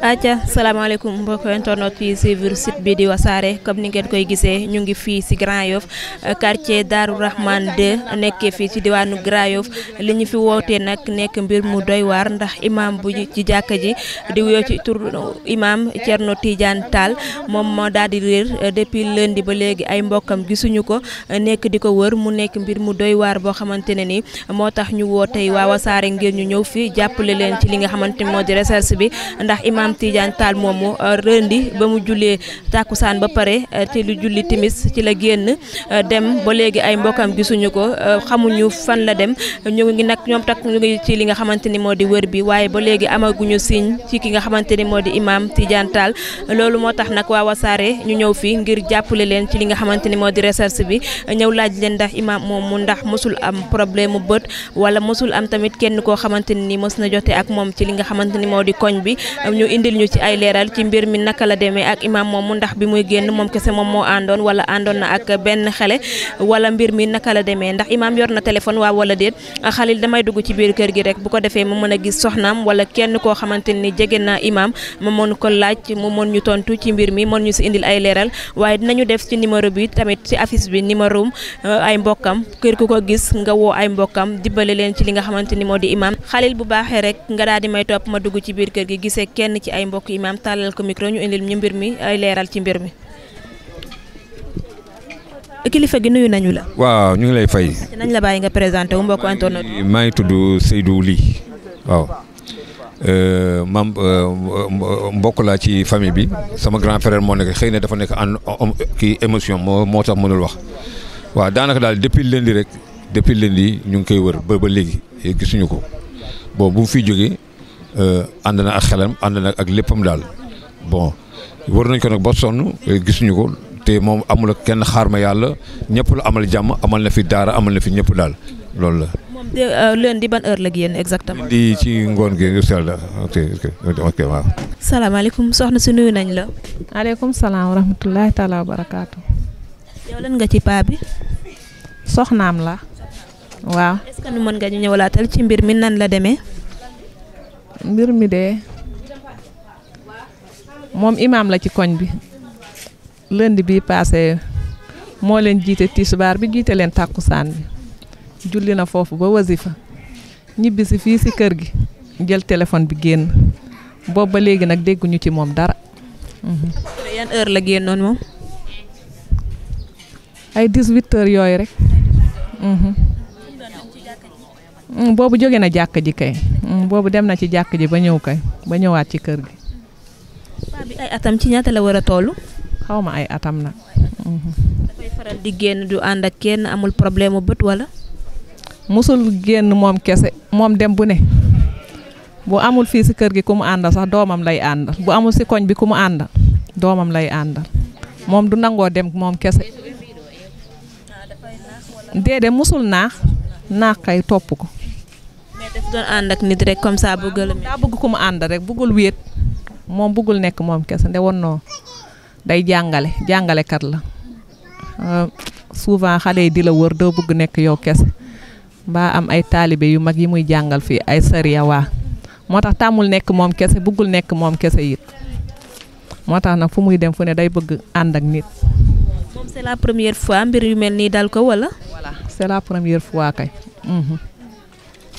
acca salaamaaleykum mbokk internet yi suivre site bi di wasaare comme ni ngeen koy gisee ñu ngi fii si Grand Yoff quartier Darou Rahman 2 nekkee fii ci diwaanu Grand Yoff li ñu fi wootee nag nekk mbir mu doy waar ndax imam bu ci jàkka ji di wuyoo ci tur imam moom moo daal di réer depuis lundi ba léegi ay mbokkam gisuñu ko nekk di ko wër mu nekk mbir mu doy waar boo xamante ne ni moo tax ñu woote waa wasaare ngir ñu ñëw fii jàppale leen ci li nga xamante moo di recherche bi ndax imam Maam Tidiane Tall moomu euh, rendi ba mu jullee tàkkusaan ba pare euh, te lu julli timis ci la génn euh, dem ba léegi ay mbokkam gisuñu ko xamuñu fan la dem ñu ngi nag ñoom tak ñu ci li nga xamante ni moo di wër bi waaye ba léegi amaguñu signe ci ki nga xamante ni moo di Imam Tidiane loolu moo tax nag waa Wassare ñu ñëw fii ngir jàppale leen ci li nga xamante ni moo di recherche bi ñëw laaj leen ndax Imam moom mu ndax mosul am problème mu bët wala mosul am tamit kenn koo xamante ni mos ak moom ci li nga xamante ni indil ñu ci ay leeral ci mbir mi naka la demee ak imam moomu ndax bi muy génn moom kese moom moo àndoon wala àndoon na ak benn xale wala mbir mi naka la demee ndax imam yor na téléphone waa wala déet xalil damay dugg ci biir kër gi rek bu ko defee mu mën a gis soxnaam wala kenn koo xamante jege na imam mu mën ko laaj mu mën ñu tontu ci mbir mi mën ñu si indil ay leeral waaye dinañu def ci numéro bi tamit ci affiche bi numéro euh, ay mbokkam kër di imam xalil bu baaxee rek nga daal di may topp ma dugg ci biir ay mbokk imaam tàllal ko micro ñu indil ñu mbir mi ay leeral ci mbir mi. kilifa gi nuyu nañu la. waaw ñu ngi lay fay. nañ la nga présenté wu mbokk maa ngi tudd Seydou Ly waaw. Euh, maam euh, mbokk laa ci famille bi sama grand frère moo nekk xëy na dafa nekk en kii émotion moo tax mënul wax waaw daanaka daal depuis lundi rek depuis lundi ñu ngi koy wër ba ba léegi gisuñu ko bon bu mu Euh, ànd na ak xelam ànd na ak léppam daal bon wër nañ ko nag ba sonn eh, gisuñu ko te moom amul kenn xaar ma yàlla ñëpp la amal jàmm amal na fi daara amal na fi ñëpp daal loolu la. Euh, lundi ban heure la génn exactement. di ci ngoon gi nga sell soxna si nuyu nañ la. maaleykum salaam wa rahmatullahi taala wa barakaatu. nga ci paa bi. soxnaam la. waaw. est nu mën nga ñu ñëwalaatal ci mbir mi nan la demee. mbir mi de moom imaam la ci koñ bi lënd bi paase moo leen jiite tisbaar bi jiite leen tàkkusaan bi julli na foofu ba wasifa ñibbisi fii ci kër gi jël téléphone bi génn boobu ba léegi nag dégguñu ci moom dara. Mhm. yan la génnoon moom. ay 18 heures yooyu rek. Mhm. Mm, boobu jóge na jàkk ji kay mm, boobu dem na ci jàkk ji ba ñëw kay ba ñëwaat ci kër gi. atam ci ñaata la war a toll. xaw ma ay atam nag. Mm-hmm. génn du ànd ak kenn amul problème mu bët wala. musul génn moom kese moom dem bu ne bu amul fii si kër gi ku mu àndal sax doomam lay àndal bu amul si koñ bi ku mu ànd doomam lay àndal moom du nangoo dem moom kese ah, déedéet musul naax naax kay topp ko. ànd ak nit rek comme ça bëgg bëgg ku mu ànd rek bëggul wéet moom bëggul nekk moom kese nde woon noo day jàngale jàngalekat la euh, souvent xale yi di la wër doo bëgg nekk yow kese mbaa am ay taalibe yu mag yi muy jàngal fii ay sariya waa moo tax tàmmul nekk moom kese buggul nekk moom kese it moo tax nag fu muy dem fu ne day bëgg ànd ak nit. moom c'est la première fois mbir yu mel nii dal ko wala. voilà la première fois kay. Mhm.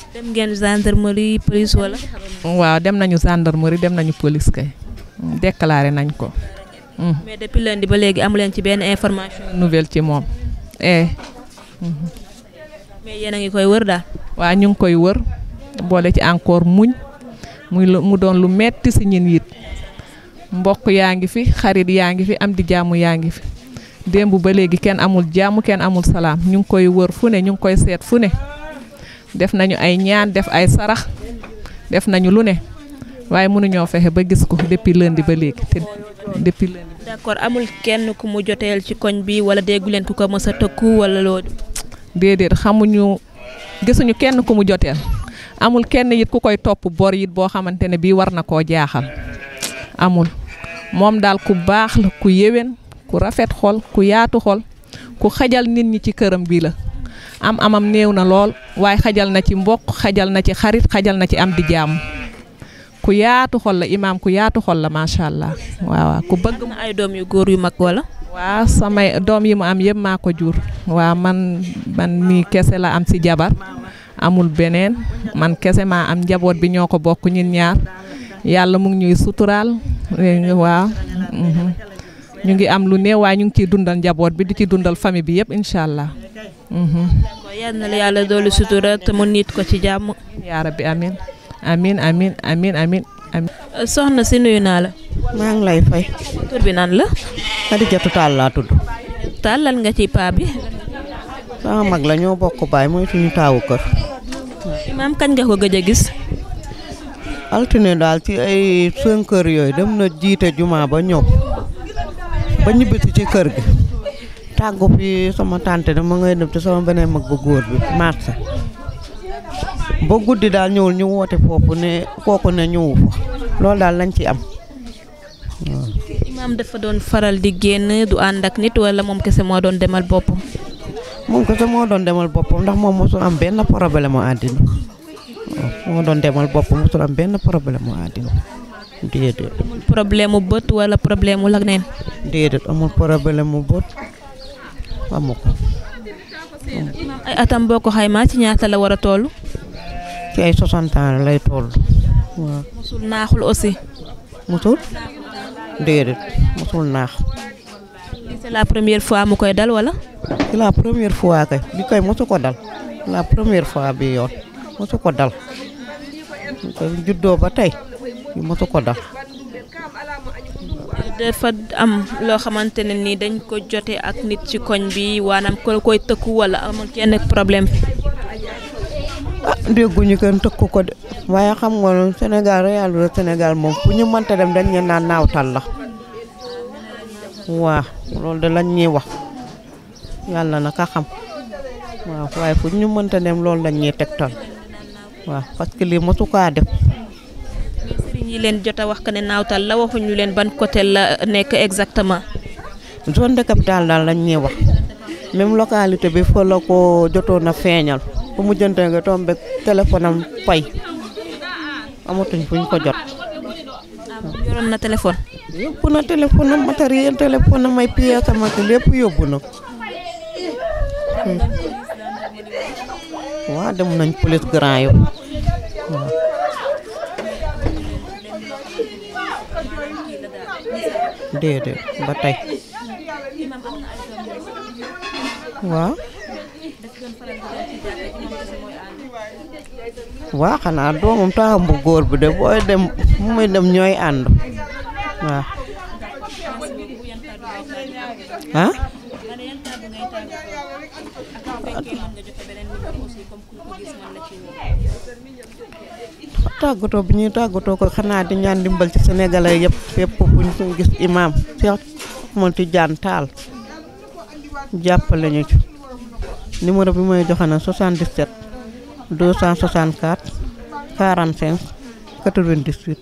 dem ngeen gendarmerie police wala. waaw dem nañu gendarmerie dem nañu police kay. Hmm, déclaré nañ ko. Hmm. mais depuis ba léegi amu leen ci benn information. nouvelle ci moom. Eh. Hmm. mais yéen a ngi koy wër daal. waaw ñu ngi koy wër boole ci encore muñ muy mu doon lu metti si ñin it mbokk yaa ngi fi xarit yaa ngi fi am di jàmm yaa ngi fi démb ba léegi kenn amul jàmm kenn amul salaam ñu ngi koy wër fu ne ñu ngi koy seet fu ne. def nañu ay ñaan def ay sarax def nañu lu ne waaye mënuñoo fexe ba gis ko depuis lundi ba léegi te depuis lundi. d'accord amul kenn ku mu joteel ci koñ bi wala déggu leen ku ko mës a tëkku wala loolu. xamuñu gisuñu kenn ku mu joteel amul kenn it ku koy topp bor it boo xamante ne bii war na koo jaaxal amul moom daal ku baax la ku yéwén ku rafet xol ku yaatu xol ku xajal nit ñi ci këram bii la. am amam néew na lool waaye xajal na ci mbokk xajal na ci xarit xajal na ci am di jàmm ku yaatu xol la imaam ku yaatu xol la macha allah waaw ku bëgg na ay doom yu góor yu mag wala. waaw samay doom yi mu am yëpp maa ko jur waaw man man mii kese la am si jabar amul beneen man kese maa am njaboot bi ñoo ko bokk ñun ñaar yàlla mu ngi ñuy suturaal waaw. Mhm. ñu ngi am lu néew waaye ñu ngi ciy dundal njaboot bi di ci dundal famille bi yëpp incha allah. d'accord yal na yàlla doolu sutura te ko ci jàmm. yaa rabbi amin amin euh, maa ngi lay fay. tur nga ci paa bi. la ñoo bokk baay mooy suñu taawu kër. maam kañ nga ko gëj a gis. altine daal ci ay 5 yooyu dem na jiite juma ba ñëw ba ñibbisi ci kër gi. tàggu fi sama tànt da ma ngay dem te sama beneen mag bu góor bi marché ba guddi daal ñëwul ñu woote foofu ne kooku ne ñëwu fa loolu daal lañ ci am waaw. imaam dafa doon faral di génn du ànd ak nit wala moom kese moo doon demal boppam. moom kese moo doon demal boppam ndax moom mosul am benn problème mu àddina moo doon demal boppam mosul am benn problème mu àddina déedéet. amul mu bët wala problème mu neen. déedéet amul problème bët. amu ko. ay atam boo ko xaymaa ci ñaata la war a toll. ci ay 60 ans lay toll. waaw musul naaxul aussi. musul déedéet musul naax. la première fois mu koy dal wala. c'est la première fois kay bi koy mosu ko dal la première fois bi yoon mosu ko dal. juddoo ba tey mosu ko dal. dafa am loo xamante ne ni dañ ko jote ak nit ci koñ bi waanaam ko koy tëkku wala amul kenn problème fi ah dégguñu kenn tëkku ko de waaye xam nga Sénégal réalité Sénégal moom fu ñu mënta dem dañ naan naawtal la waaw loolu de lañ ñuy wax yàlla na ka xam waaw waaye fu ñu mënta dem loolu lañ ñuy tegtal waaw parce que lii mosu def ñi leen jot a wax que ne naawtal la waxuñu leen ban côté la nekk exactement. zone de capitale daal lañ ñuy wax même localité bi fa ko jotoon a feeñal fu mu jënte nga tombe téléphone am fay amatuñ fuñ ko jot. yoroon na téléphone. yóbbu na téléphone am matériel téléphone ay pièces am ak lépp yóbbu na ko. Hmm. waaw dem nañ police grand yow. déedéet ba tey waaw waaw xanaa doomam taxam bu góor bi de booy dem mu muy dem ñooy ànd waaw ah tàggatoo bi ñuy tàggatoo ko xanaa di ñaan dimbal ci sénégalais yëpp fépp bu ñu gis imaam Cheikh Ahmed ci jaan jàppale ñu ci numéro bi mooy joxe na 77 264 45 98.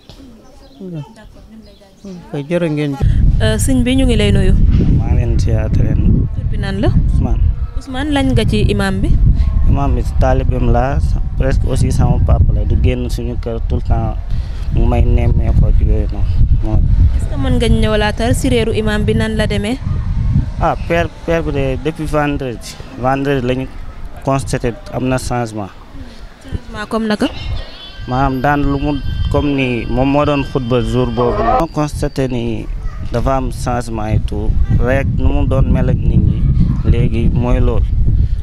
d'accord jërë ngeen jëf. Euh, sëñ bi ñu ngi lay nuyu. maa ngi leen di siyaare lañ nga ci imaam bi. imam bi taalibeem laa presque aussi sama papa du génn suñu kër tout le temps mu may nemmee ko ci yooyu noonu. est-ce mën nga ñëwalaatal si réeru imam bi nan la demee. ah père père bi de depuis vendredi vendredi la am na changement. changement comme nag maanaam daan lu mu comme ni moom moo doon xutba jour boobu la. moo constaté ni dafa am changement et tout rek nu mu doon mel nit ñi léegi mooy loolu.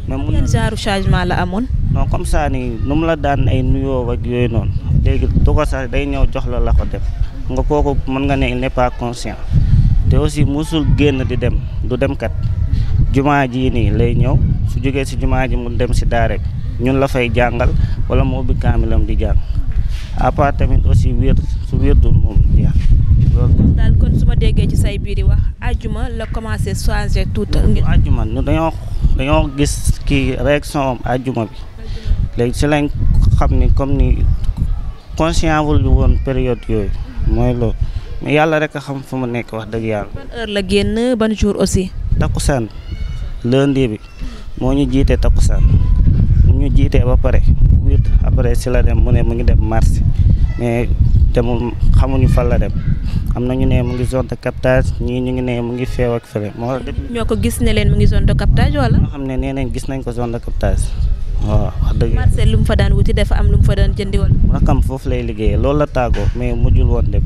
même yan genre changement la amoon. non comme saa nii nu mu la daan ay nuyoo ak yooyu noonu léegi du ko sax day ñëw jox la la ko def nga kooku mën nga ne il n'est conscient te aussi musul génn di dem du dem kat jumaa jii nii lay ñëw su jógee si jumaa ji mu dem si daara ñun la fay jàngal wala mu ubbi kaamilam di jàng à tamit aussi wér. su wérdul moom jeex loolu daal kon su ma déggee ci say biir wax ajuma la commencé changer tout ajuma ñu dañoo dañoo gis kii réaction am ajuma bi léegi si lañ xam ni comme ni conscient wul woon période yooyu mooy loolu mais yàlla rek a xam fu mu nekk wax dëgg yàlla ba heure la génn ban jour aussi takkusaan lundi bi moo ñu jiite takkusaan ñu jiitee ba pare après si la dem mu ne mu ngi dem marché mais te moom xamuñu fan la dem am na ñu ne mu ngi zone de captage ñii ñu ngi ne mu ngi feew ak fële. moo ñoo ko gis ne leen mu ngi zone de captage wala. ñoo xam ne nee nañ gis nañ ko zone de captage waaw wax dëgg. marché lu mu fa daan wuti dafa am lu mu fa daan jëndi woon. rakam foofu lay liggéeyee loolu la tàggoo mais mujjul woon dem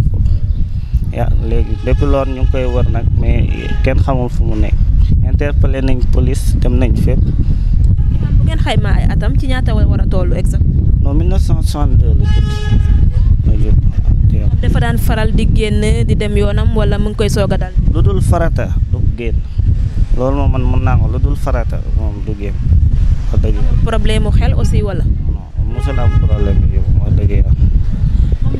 ya léegi depuis lool ñu ngi koy wër nag mais kenn xamul fu mu nekk interpellé nañ police dem nañ fépp. bu ngeen xaymaa ay atam ci ñaata war a toll exact. non dafa daan faral di génn di dem yoonam wala mu ngi koy soog a dal. lu dul farata du génn loolu moom man mën naa ko dul farata moom du génn problème mu xel aussi wala. non mosul am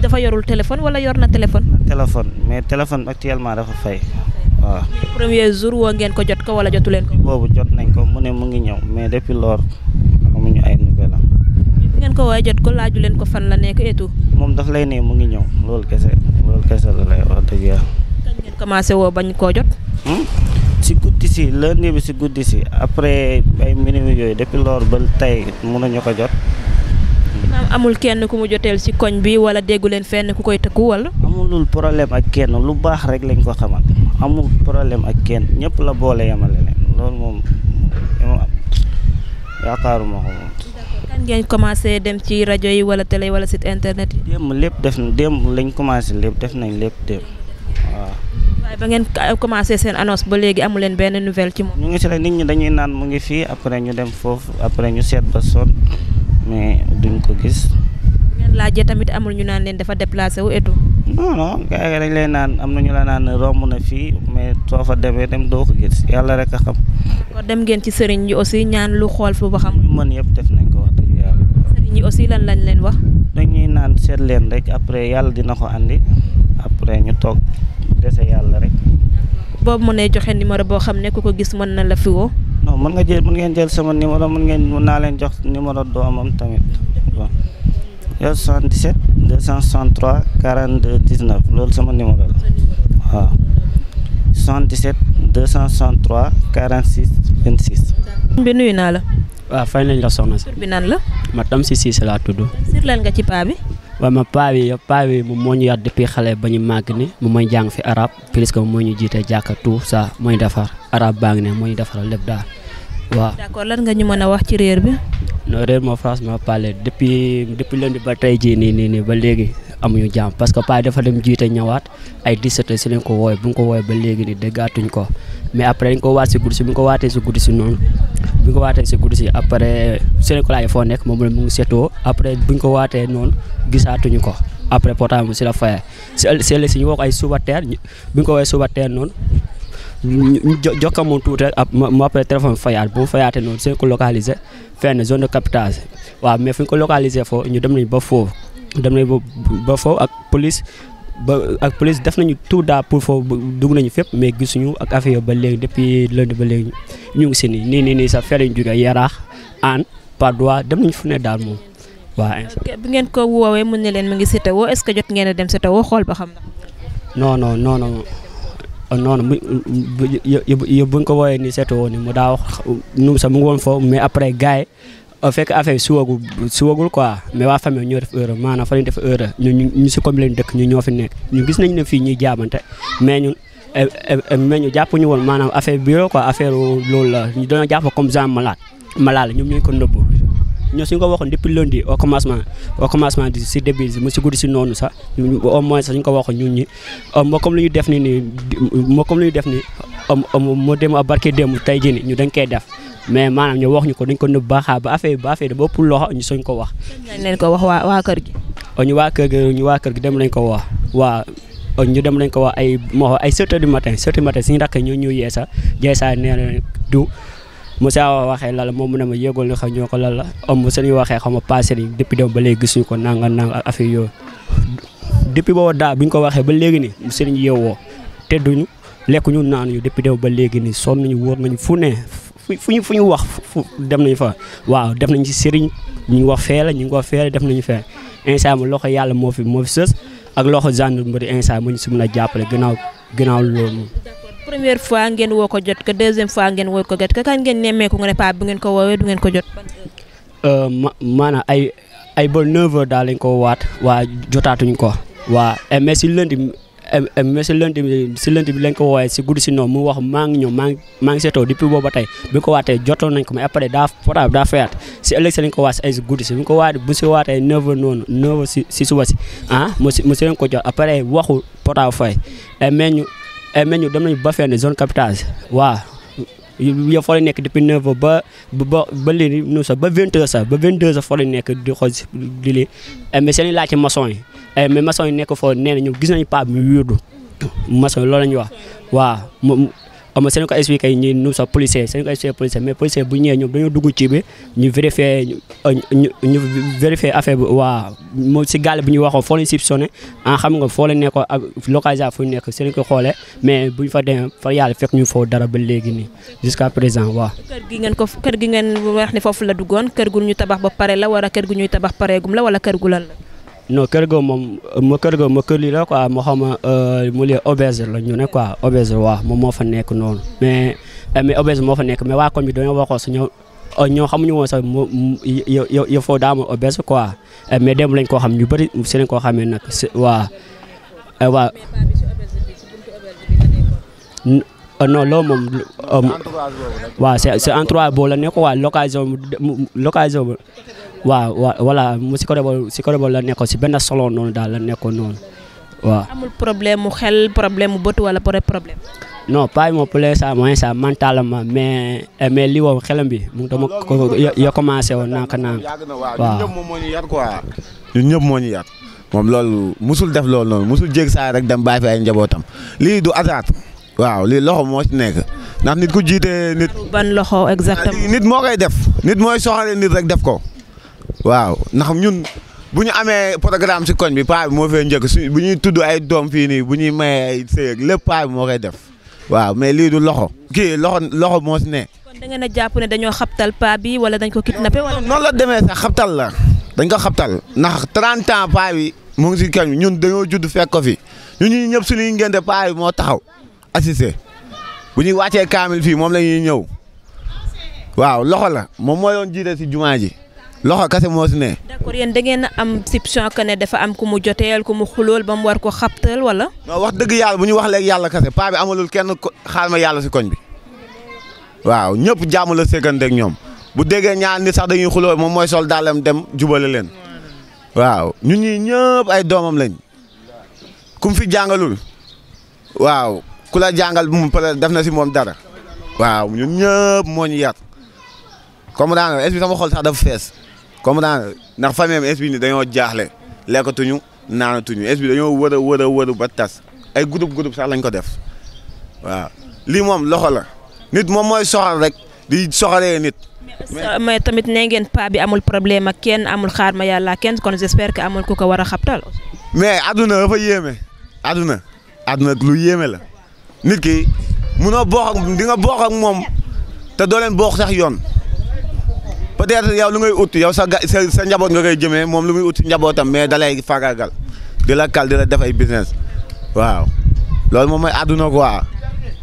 dafa yorul téléphone wala yor na téléphone. téléphone mais téléphone actuellement dafa fay. waaw premier jour woo ngeen ko jot ko wala jotu leen ko. boobu jot nañ ko mu ne mu ngi ñëw mais depuis lors amuñu ay nouvelles ngeen ko waaye jot ko laaju leen ko fan la nekk et moom daf lay ne mu ngi ñëw loolu kese loolu kese la lay wax dëgg yàlla. kañ ngeen commencé woo bañ koo jot. Hmm? si guddi si lundi bi si guddi si après ay minutes yooyu depuis loolu ba tey mënuñu ko jot. amul kenn ku mu joteel si koñ bi wala déggu leen fenn ku koy tëkku wala. amulul problème ak kenn lu baax rek lañ ko xamal amul problème ak kenn ñëpp la boole yemale leen loolu moom yaakaaruma ko ngeen commencé dem ci rajo yi wala télé wala site internet yi. démb lépp def na démb lañ commencé lépp def nañ lépp démb waaw. waaye ngeen commencé seen annonce ba léegi amu leen benn nouvelle ci moom. ñu ngi si nit ñi dañuy naan mu ngi fii après ñu dem foofu après ñu seet ba sonn mais duñ ko gis. ngeen laajee tamit amul ñu naan leen dafa déplacé wu et tout. non non dañ lay naan am na ñu la naan romb na fii mais soo fa demee dem doo ko gis yàlla rek a xam. kon dem ngeen ci sëriñ yi aussi ñaan lu xool fu ba xam. mën yëpp def nañ ko. nit ñi aussi lan lañ leen wax. dañuy naan seet leen rek après yàlla dina ko andi après ñu toog dese yàlla rek. boobu mënee joxe numéro boo xam ne ko ko gis mën na la fi woo. non mën nga jël mën ngeen jël sama numéro mën ngeen mën naa leen jox numéro doomam tamit bon yow 77 263 42 19 loolu sama numéro la waaw 77 263 46 26. bi nuyu naa la. waaw fay nañ la soxna si. tur bi nan la. ma Tamsir Cissé laa tudd. sir lan nga ci paa bi. waaw ma paa bi moo ñu yar depuis xale ba ñu màgg ni moom mooy jàng fi arab plus que moo ñu jiite jàkka tout ça moo defar arab baa ngi ne moo ñu defaral lépp daal waaw. d'accord lan nga ñu mën a wax ci réer bi. non réer moo franchement parler depuis depuis lundi ba tey jii nii nii nii ba léegi amuñu jàmm parce que paa dafa dem jiite ñëwaat ay 17 si lañ ko wooyee bu ñu ko wooyee ba léegi nii déggaatuñ ko mais après dañ ko bi ñu ko waatee si guddi si après Sénégal yi foo nekk moom mu ngi après bi ñu ko waatee noonu gisaatuñu ko après portable si la fayee si ëllëg si ñu woo ko ay subateer bi ñu ko woowee subateer noonu ñu jokka moom tuuti mu après téléphone fayaat bu mu fayaatee noonu seen ko localisé fenn zone de captage waaw mais fu ñu ko localisé foofu ñu dem nañ ba foofu dem nañ ba foofu ak police ba ak police def nañu tout daa pour foofu dugg nañu fépp mais gisuñu ak affaire ba léegi depuis lundi ba léegi ñu ngi si nii nii nii nii sax fee lañ jógee yaraax aan par droit dem nañu fu ne daal moom waaw. bi ngeen ko woowee mu ne leen mu ngi si tawoo est-ce que jot ngeen a dem si tawoo xool ba xam na. non non non non. non bu ñu ko woowee nii seetoo ni mu daa wax nu sax mu ngi woon foofu mais après gars fekk affaire bi siwagul siwagul quoi mais waa famille ñoo def erreur maanaam fa lañ def erreur ñu ñu si comme dëkk ñu ñoo fi nekk ñu gis nañ ne fii ñuy jaabante mais ñun eh, eh, eh, ñu jàpp ñu woon maanaam affaire bi quoi affaire loolu la ñu doon jàpp comme genre malade malade ñoom ñooñu ko nëbbu ñoo suñu ko waxoon depuis lundi au commencement au commencement di si début bi mu si guddi si noonu sax au moins sax ñu ko waxoon ñu ñi oh, moo comme lu ñu def ni nii moo comme lu ñu def ni oh, oh, moo dem a barke démb tey jii ni ñu dañ koy def mais maanaam ñu wax ñu ko dañ ko nëb baaxaa ba affaire ba affaire ba ëpp loxo ñu soñ ko wax. dañ leen ko wax waa waa kër gi. Oh, ñu waa kër gi ñu waa kër gi dem lañ ko wax waa oh, ñu dem lañ ko wax ay moo ay 7 heures du matin 7 heures du matin suñu rakk ñoo ñu yeesa jeesa nee na du Moussa waxee lala moom mu ne ma yéegul li xam ñoo ko lala om oh, suñu waxee xam ma passé ni depuis dem ba léegi gisuñu ko nanga nanga ak affaire yooyu depuis booba daa bi ñu ko waxee ba léegi ni sëriñ yeewoo te duñu lekkuñu naanuñu depuis dem ba léegi ni sonn nañu wóor nañu fu ne fu ñu fu ñu wax fu dem nañ fa waaw def nañ ci sëriñ ñu ngi wax feela ñu ngi wax feela def nañu fee instant ma loxo yàlla moo fi moo fi sës ak loxo gendarmerie instant ma ñu si mën a jàppale gannaaw gannaaw loolu. première fois ngeen woo ko jot ko deuxième fois ngeen woo ko jot ko kan ngeen nemmeeku nga ne paa bu ngeen ko woowee du ngeen ko jot. Euh, ma maanaam ay ay ba 9 daal lañ ko waat waa jotaatuñ ko waa eh, mais si lundi Euh, euh, mais si lënt bi si ko woowee si guddi si noonu mu wax maa ngi ñëw maa ngi maa ngi seetoo depuis booba tey bi ko waatee jotoon nañ ko mais après daa portable daa fayaat si ëllëg si lañ ko waat si ay si guddi si ko waatee bu si waatee neuf noonu neuf si suba si ah mu si mu ko jot après waxu portable fay eh, mais ñu eh, mais ñu dem nañu ba fenn zone capitale waaw yow foo la nekk depuis 9 heures ba ba ba léegi noonu sax ba 20 heures sax ba 22 heures foo la nekk di xool di lii eh, mais seen i laajte maçon yi eh, mais maçon na ñoom gis nañu paa bi mu yurdu maçon xam nga seen ko expliqué ñu nous sommes policiers seen ko expliqué policier mais policier bu ñëwee ñoom dañoo dugg ci ñu vérifié ñu ñu vérifié affaire waa moom si gàll bi ñu waxoon foo leen soupçonné ah xam nga foo leen nekkoon ak localisation fu nekk seen ko xoolee mais bu fa demee fa yàlla fekk ñu foofu dara ba léegi nii jusqu'à présent waaw. kër gi ngeen ko kër gi ngeen wax ne foofu la duggoon kër gu ñu tabax ba pare la wala kër gu ñuy tabax pareegum la wala kër la. non kër ga moom ma kër ga ma kër la moo xam euh, mu lee obèse la ñu ne quoi obèse waaw moo moo fa nekk noonu mais eh, mais obèse moo fa nekk mais waa koñ bi dañoo waxoon su ñëw euh, ñoo xamuñu woon sax mu yow yow dem lañ koo xam ñu bëri si koo xamee nag waa eh, waa euh, non loolu moom. waaw c'est c'est en trois boo la nekk waa l'occasion l'occasion waaw waaw voilà mu si côté boobu si benn salon noonu daal la nekkoon noonu waaw. amul problème mu xel problème mu bët wala problème. non pas moom pour l'instant mooy ça mentalement mais eh, mais li woon xelam bi mu dama ko yo commencé woon nank nank waaw ñun ñëpp moom moo ñu yar quoi moo ñu yar moom loolu musul def loolu noonu musul jéeg saa rek dem baay fi ay njabootam lii du asaat waaw lii loxo moo ci nekk ndax nit ku jiitee nit ban loxo exactement nit moo koy def nit mooy soxale nit rek def ko waaw ndax ñun bu ñu amee programme si koñ bi paa moo fee njëkk su bu ñuy tudd ay doom fii nii bu ñuy maye ay sëyeeg lépp paa moo koy def waaw mais lii du loxo kii loxo loxo moo si ne. kon da ngeen a jàpp ne dañoo xabtal paa bi wala dañ ko kidnappé wala. noonu la demee sax xabtal la dañ ko xaptal ndax trent ans paa bi mu ngi si koñ ñun dañoo judd fekk ko fi ñun ñii ñëpp suñuy ngénte paa bi moo taxaw assisté bu ñuy wàccee kaamil fii moom la ñëw waaw loxo la moom mooyoon doon si jumaa ji. loxo kase moo si ne. d'accord yéen da am soupçon que ne dafa am ku mu joteel ku mu xulool ba mu war ko xabtal wala. non wax dëgg yàlla bu ñu wax léegi yàlla kase paa bi amalul kenn xaal ma yàlla si koñ bi waaw ñëpp jàmm la sékkanteeg ñoom bu déggee ñaar nit sax dañuy xuloo moom mooy sol daalam dem jubale leen waaw ñu ñii ñëpp ay doomam fi jàngalul waaw jàngal mu peut def na si moom dara waaw moo ñu yar kom daanaka est-ce que sama xol sax dafa fees. comprendre ndax famille am est bi ni dañoo jaaxle lekkatuñu naanatuñu est bi dañoo wër a wër a wër ba tas ay groupe groupe sax lañ ko def waaw lii moom loxo la nit moom mooy soxal rek di soxalee nit. mais tamit nee ngeen paa bi amul problème ak kenn amul xaar ma yàlla kenn kon j'espère que amul ku ko war a xabtal. mais àdduna dafa yéeme. àdduna àdduna lu yéeme la. nit ki munoo bokk ak di nga bokk ak moom te doo leen bokk sax yoon. peut-être yow lu ngay ut yow sa ga sa sa njaboot nga koy jëmee moom lu muy ut njabootam mais da lay faagaagal di la kal di la def ay business waaw loolu moom mooy àdduna quoi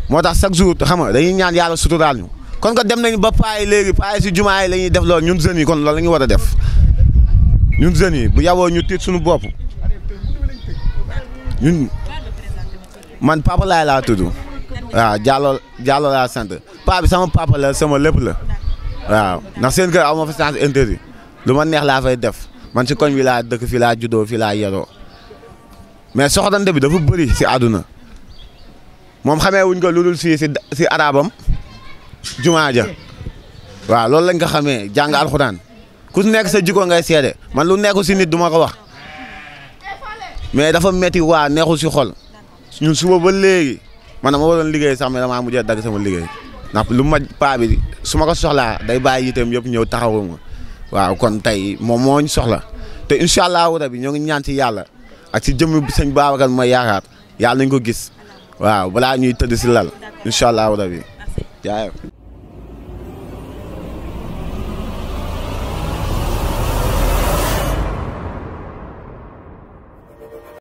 moo tax chaque jour xam nga dañuy ñaan yàlla suturaal ñu kon ko dem nañ ba paay léegi paay si jumaa yi la ñuy def loolu ñun jeunes yi kon loolu la ñu war a def ñun jeunes yi bu yaboo ñu tiit suñu bopp ñun man papa laay laa tudd waaw Diallo Diallo laa sant paa sama papa la sama lépp la. waaw ndax seen kër aw ma fa sens interdit lu ma neex laa fay def man ci koñ bi dëkk fii laa juddoo fii laa yeroo mais soxodante bi dafa bëri si àdduna moom xamee wuñ ko lu dul si si si jumaa ja waaw loolu lañ ko xamee jàng alxuraan ku nekk sa jikko ngay seede man lu nekkul si nit duma ko wax mais dafa metti waa neexul si xol ñun suba ba léegi man dama waroon liggéey sax mais damaa mujjee dagg sama liggéey ndax lu ma paabi bi su ma ko soxlaa day bàyyi itam yëpp ñëw taxawu ma waaw kon tey moom moo soxla te incha allahu rabi ñoo ngi ñaan ci yàlla ak ci jëmm sëñ Babacar ma yaakaar yàlla nañ ko gis waaw balaa ñuy tëdd si lal incha allahu rabi jaay